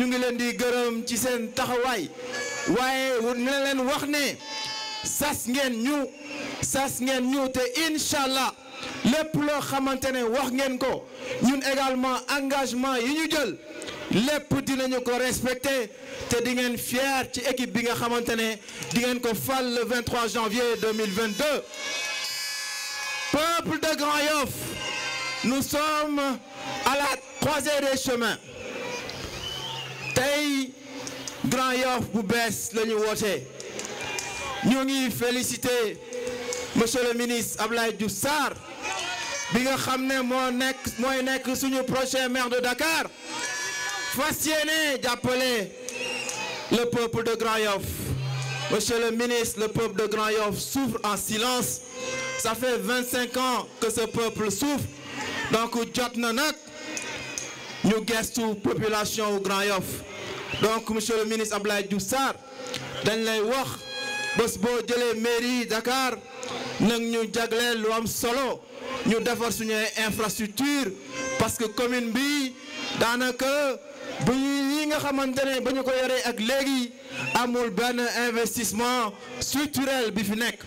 ñu ngi leen di gërëm ci seen taxawaay waaye na leen wax ne sas ngeen ñu sas ngeen ñu te incha allah lépp loo xamante ne wax ngeen ko ñun également engagement yi ñu jël lépp dinañu ko respecté te di ngeen fier ci équipe bi nga xamante ne di ngeen ko fal le 23 janvier Peuple de Grand Yoff, nous sommes à la croisée des chemins. Grand Yoff bu bees la ñu woote ñoo ngi félicité monsieur le ministre Abdoulaye Diouf Sarr bi nga xam ne moo nekk mooy nekk suñu prochain maire de Dakar fas yéene jàppale le peuple de Grand Yoff monsieur le ministre le peuple de Grand Yoff souffre en silence ça fait cinq ans que ce peuple souffre donc jot na nag ñu gestu population wu Grand Yoff donc monsieur le ministre Abdoulaye Diouf Sarr dañ lay wax bés boo jëlee mairie Dakar nag ñu jagleel lu am solo ñu defar suñu infrastructure parce que commune bi daanaka bu yi nga xamante ne ba ñu ko yoree ak léegi amul benn investissement structurel bi fi nekk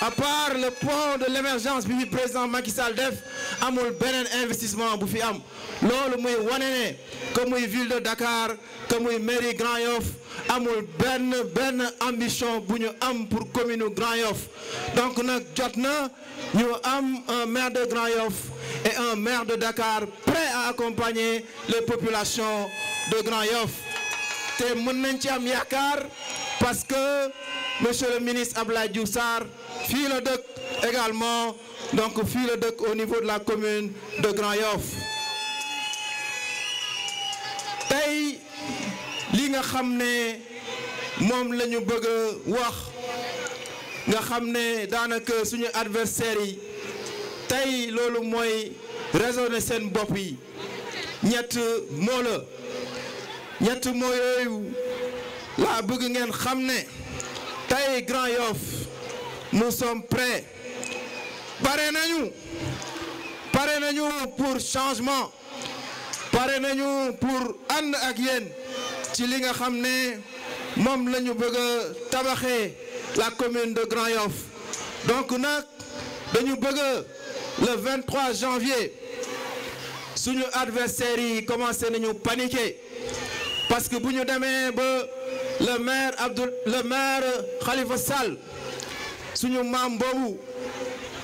à part le pont de l'émergence bi fi président Macky Sall def amul beneen investissement bu fi am loolu muy wane ne que muy ville de Dakar que muy mairie Grand Yoff amul benn benn ambition bu ñu am pour commune Grand Yoff donc nag jot na ñu am un maire de Grand Yoff et un maire de Dakar prêt à accompagner les populations de Grand Yoff te mën nañ ci am yaakaar parce que monsieur le ministre abla Diouf Sarr fii la dëkk également donc fii la dëkk au niveau la commune de Grand Yoff tey li nga xam ne moom la ñu bëgg a wax nga xam ne daanaka suñu adversaire yi tey loolu mooy raisonner seen bopp yi ñett moo la ñett moo yooyu laa bëgg ngeen xam ne tey Grand Yoff nous sommes prêts pare nañu pare nañu pour changement pare nañu pour ànd ak yéen ci li nga xam ne moom lañu ñu bëgg a tabaxee la commune de Grand Yoff donc nag dañu bëgg le 23 janvier suñu adversaires yi commencé nañu paniquer parce que bu ñu demee ba le maire Abdoul le maire Khalifa Sall suñu maam boobu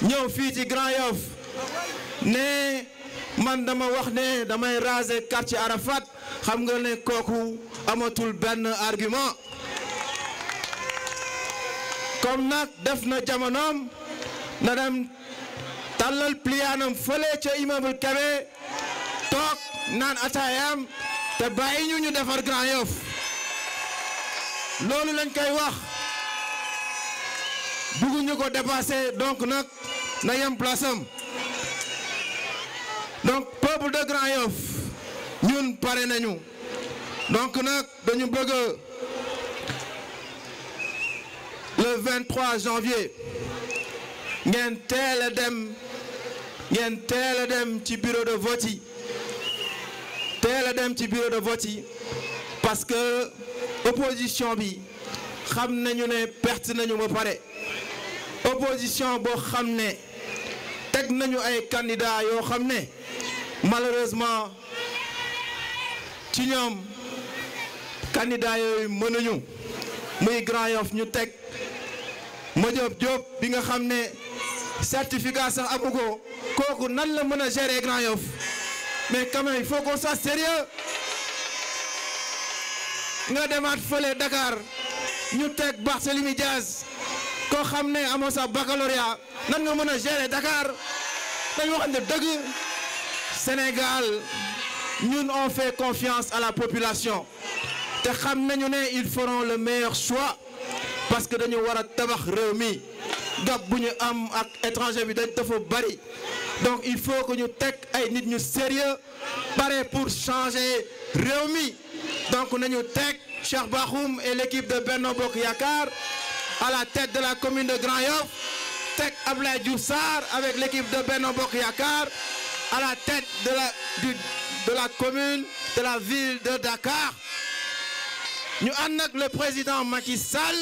ñëw fii ci Grand Yoff ne man dama wax ne damay raser quartier Arafat xam nga ne kooku amatul benn argument comme nag def na jamonoom na dem tàllal pliyaanam fële ca immeuble Kébé toog naan ataayaam te bàyyi ñu ñu defar Grand Yoff loolu lañ koy wax bëgguñu ko dépasser donc nag na yem place donc peuple de Grand Yoff ñun pare nañu donc nag dañu bëgg le 23 janvier ngeen teel a dem ngeen teel a dem ci bureau de vote yi teel a dem ci bureau de vote yi parce que opposition bi xam nañu ne perte nañu ba pare opposition boo xam ne. teg nañu ay candidat yoo xam ne malheureusement ci ñoom candidat yooyu mënuñu muy Grand Yoff ñu teg Madiop Diop bi nga xam ne certificat sax amu ko kooku nan la mën a gérer Grand Yoff mais quand même il faut sérieux nga demaat fële Dakar ñu teg Barthélémy Diaz koo xam ne amoo sa baccalauréat nan nga mën a gérer Dakar dañu waxante dëgg Sénégal ñun on fait confiance à la population te xam nañu ne ils feront le meilleur choix parce que dañu war a tabax réew mi gab bu ñu am ak étranger bi dañ dafa bari donc il faut que ñu teg ay nit ñu sérieux pare pour changer réew mi donc nañu teg Cheikh Bakhoum et l'équipe de Benno Bokk Yakaar à la tête de la commune de Grand Yoff teg Abdoulaye Diouf Sarr avec l'équipe de Benno Bokk Yakaar à la tête de la de la commune de la ville de Dakar ñu ànd ak le président Macky Sall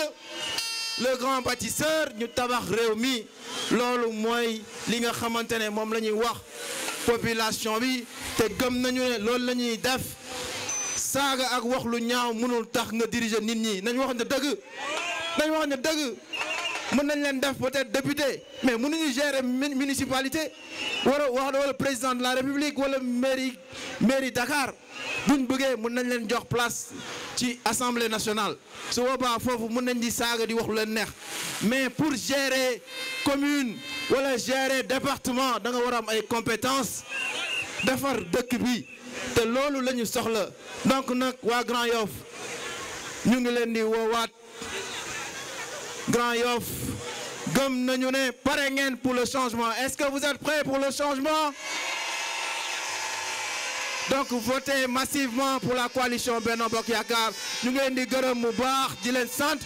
le grand bâtisseur ñu tabax réew mi loolu mooy li nga xamante ne moom la ñuy wax population bi te gëm nañu ne loolu la ñuy def saaga ak wax lu ñaaw mënul tax nga diriger nit ñi nañ wax ne wax ne dëgg mën nañ leen def peut-être député mais mënuñu gérer municipalité wala wax wala président de la république wala mairie mairie Dakar buñ bëggee mën nañ leen jox place ci assemblée nationale su boobaa foofu mën nañ di saaga di wax leen neex mais pour gérer commune wala gérer département danga nga war a am ay compétences defar dëkk bi te loolu la ñu soxla donc nag waa Grand Yoff ñu ngi leen di woowaat. Grand Yoff gëm nañu ne pare ngeen pour le changement est-ce que vous êtes prêts pour le changement donc votez massivement pour la coalition Benno Bokk Yaakaar ñu ngi leen di gërëm mu baax di leen sant